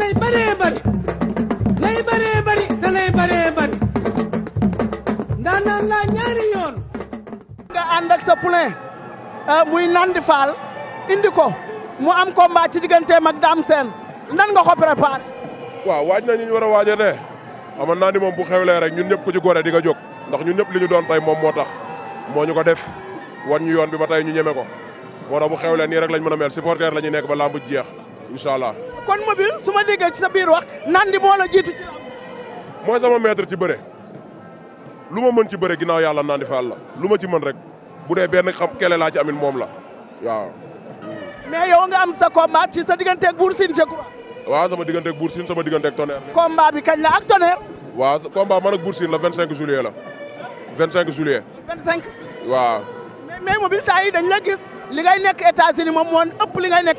lay bare, bëri lay bëree bare, te lay bëree bëri ndaanaan laa ñaari yoon nga ànd ak sa poulain eh, muy Nandi Fall indi ko mu am combat ci digganteem ak Dame Sène nan nga ko préparé waaw waaj na ñu war a waaja ne xam naa ni moom bu xewlee rek ñun ñëpp ku ci gore di nga jóg ndax ñun ñëpp li ñu doon tey moom moo tax ko def wan ñu yoon bi ba tey ñu ñeme ko moo bu xewlee nii rek lañ mën mel supporter la ñuy nekk ba lamb jeex incha allah kon mobile su ma déggee ci sa biir wax Nandi moo la jiitu ci la. mooy sama maître ci bëre lu ma mën ci bëre ginnaaw yàlla Nandi Fall la lu ma ci mën rek bu dee benn xam kele laa ci amin moom la waaw. mais yow nga am sa combat ci sa digganteeg Bour Sine je crois. waaw sama digganteeg Bour Sine sama digganteeg Tonnerre. combat bi kañ la ak Tonnerre. waaw combat man ak Bour Sine la 25 juillet la 25 juillet. 25. waaw. mais mais mobile yi dañ la gis li ngay nekk États-Unis moom ëpp li ngay nekk.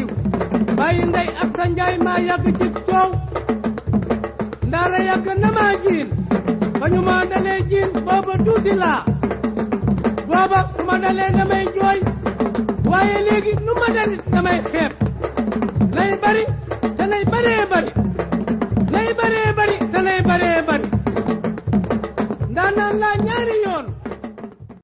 bàyyi ndey ak sa maa yàgg ci coow ndaara yàgg na maa jiin ba ñu ma dalee jiin booba tuuti laa booba su ma dalee damay jooy waaye léegi nu ma dalit damay xeeb lay bari